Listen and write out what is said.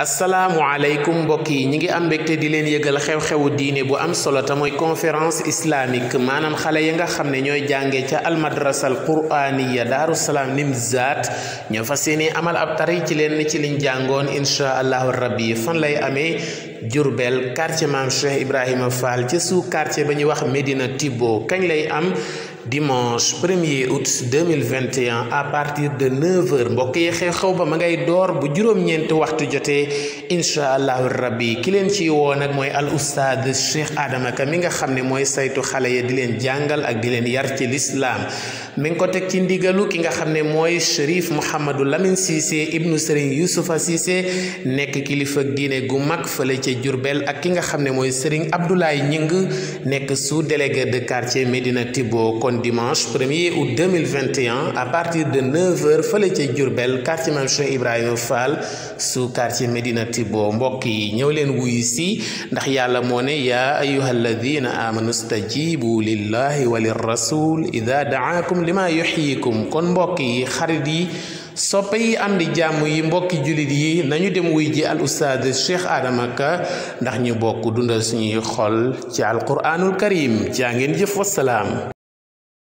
asalaamualeykum mbokk yi ñi ngi am mbégte di leen yëgal xew-xewu diine bu am solo te mooy conférence islamique maanaam xale yi nga xam ne ñooy jànge ca almadrasal quraaniya daaru salaam nimzaat ñoo fas yéene amal ab tari ci leen ci liñ jàngoon incha allahu rabbi fan lay amee Jurbel quartier maam Cheikh Ibrahima Fall ci sous quartier ba ñuy wax Medina Tibo kañ lay am dimanche 1er août 2021 à partir de 9 mbokk yi xew-xew ba ma ngay door bu juróom-ñeenti waxtu jotee incha allahu rabbi ki leen ci woo nag mooy al ustaad Cheikh Adama Ka mi nga xam ne mooy saytu xale ya di leen jàngal ak di leen yar ci lislaam mi ngi ko teg ci ndigalu ki nga xam ne mooy Chérif Mouhamadou Lamine Cissé ibnu Serigne Youssoufa sise nekk kilifa diine gu mag fa la ca Jurbel ak ki nga xam ne mooy Serigne Abdoulaye Ñing nekk su délégué de quartier Médina kon dimanche premier août 2021 à partir de 9h fële ca Diourbel quartier Mame Cheikh Ibrahima Fall su quartier Medina Tibo mbokk yi ñëw leen wuy si ndax yàlla moo ne ya yaa ayuha alladina amanu stajibu lillahi wa lirrasul ida daakum lima yuxyikum kon mbokk yi xarit yi soppe yi am jàmm yi mbokki jullit yi nañu dem wuy ji al ustaad Cheikh Adama ndax ñu bokk dundal suñuy xol ci alquraanul karim jaa ngeen jëf wasalaam